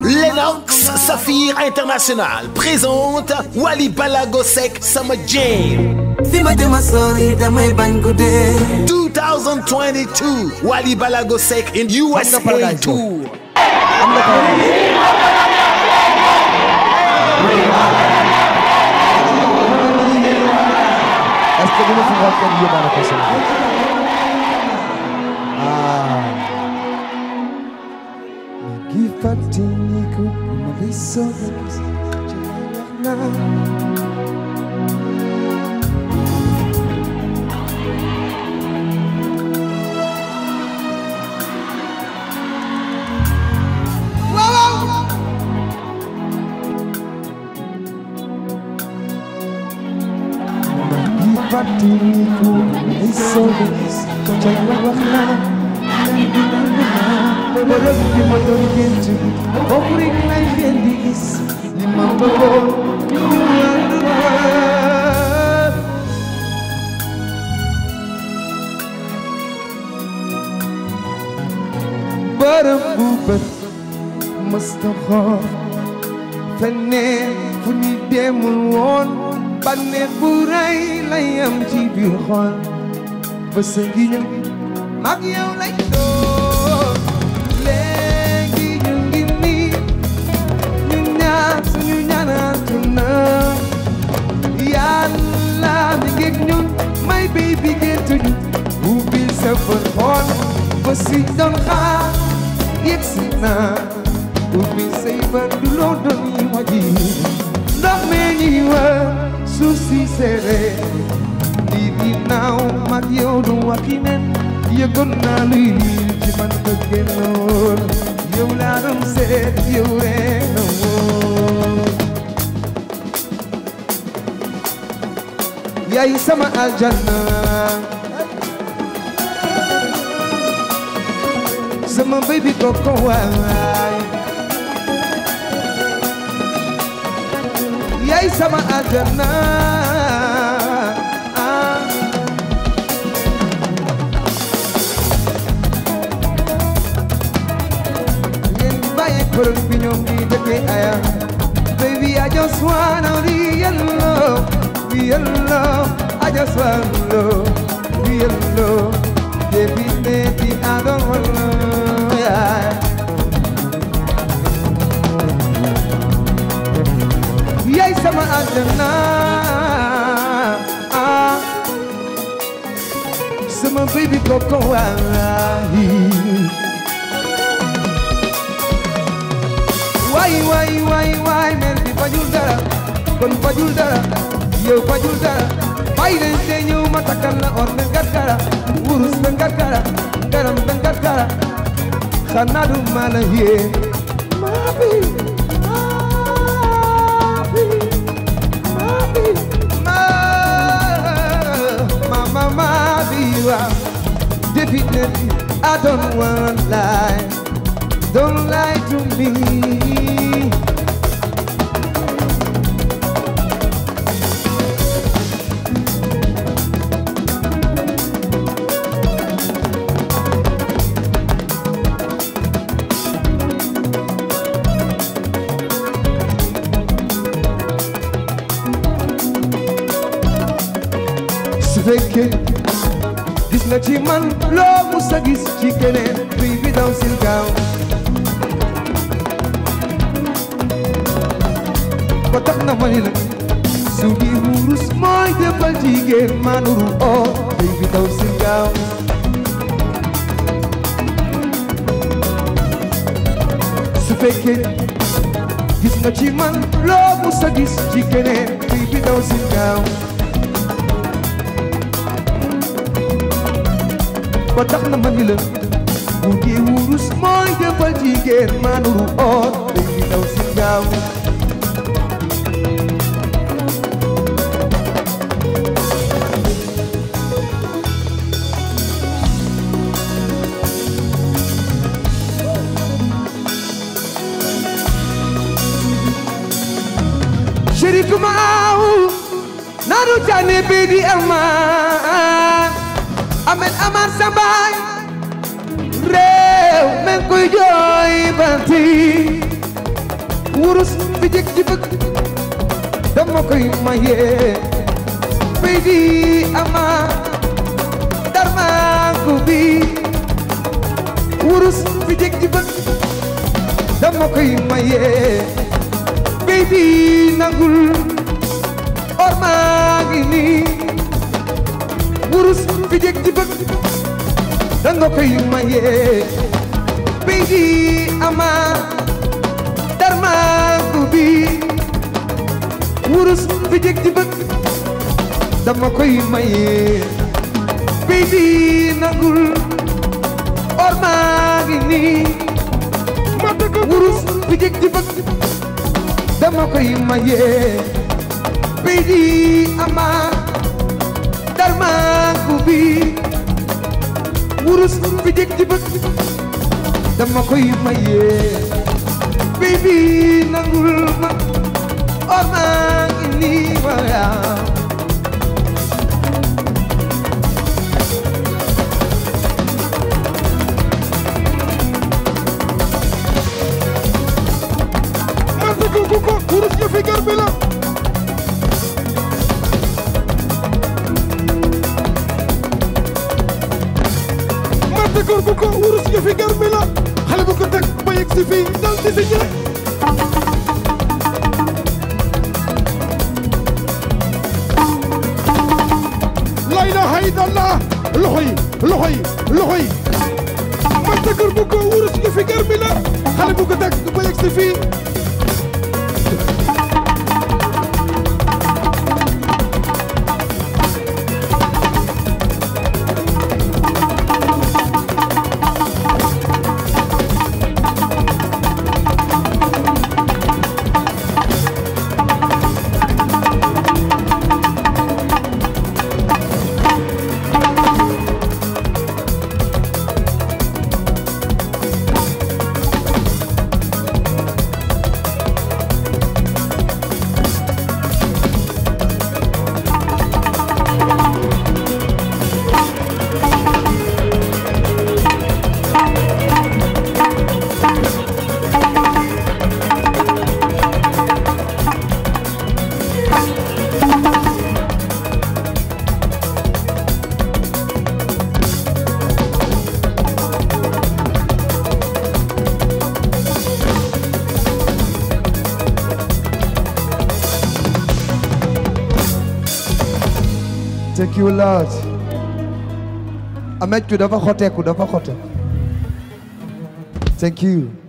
Lennox Saphir International présente Wally Balago Seck Sama Jam. 2022 Wally Balago Seck in USA Tour. ojos ya no fàttaliku ay solos ca la wax naa. ba léegi ma doon gént doxoon feneen fu ñu demul woon bànneex bu rëy lay am ci biir xol ba sa ngi ñëw mag yow lay doon léegi ñu ngi nii ñu ñaar suñu ñaanatu na yàlla mi ngeeg ñun may béy bi géntuñu ubbil sa bët xool ba si doon xaar yegsi naa ubbi say bët du loo doon yi ma ji ndox mee si seere di di naaw mag yow du waxi nen yëgoon naa luy liir ci man ba laa doon seet yow reen a woon yaay sama aljanna sama baby koko waa yaay sama àjjana ngeen bàyyi borom bi ñoom ñi dëkkee aya baby I just wanna be your love be your love I just wanna love be your love baby baby I don't àjjana ah sama baby koko waay waay waay fajul dara kon fajul dara yow fajul dara bay leen te la or na ngarkara wurus na ngarkara ngaram na ngarkara xanaa du yee lied to me. su fekkee gis nga ci man loo musa gis ci keneen bi bi daw sil gaaw dama ni la suñu wurus mooy defal jigéen maa si gaaw su fekkee gis nga ci man loo mus a ci keneen day bi si gaaw ba tax na ma ni la suñu wurus mooy defal jigéen maa nuru oo si gaaw شريك معه نار جانبي دي أمان أمن أمان سباي réew men koy jooy banti wurus bi jëg ji bëgg dama koy maye béy di wurus bi jëg ji bëgg baby nangul or maa ngi nii wurus fi jeg ci bëgg danga koy maye baby ama bi wurus fi jeg ci bëgg dama koy maye baby nangul or wurus fi jeg moo koy maye bi di ama darman ku bi wurus bi jëkk ci bëgg dama koy maye bi bi nangul ma or maa ngi nii affaire bi la marte góor bu ko wurus yëfi gar bi la xale bu ko si fii dal di si ñëw la ilaha illallah loxo yi loxo yi loxo yi marte góor si fii Thank you, Lord. Amet, dafa xoteeku dafa xoteeku. Thank you.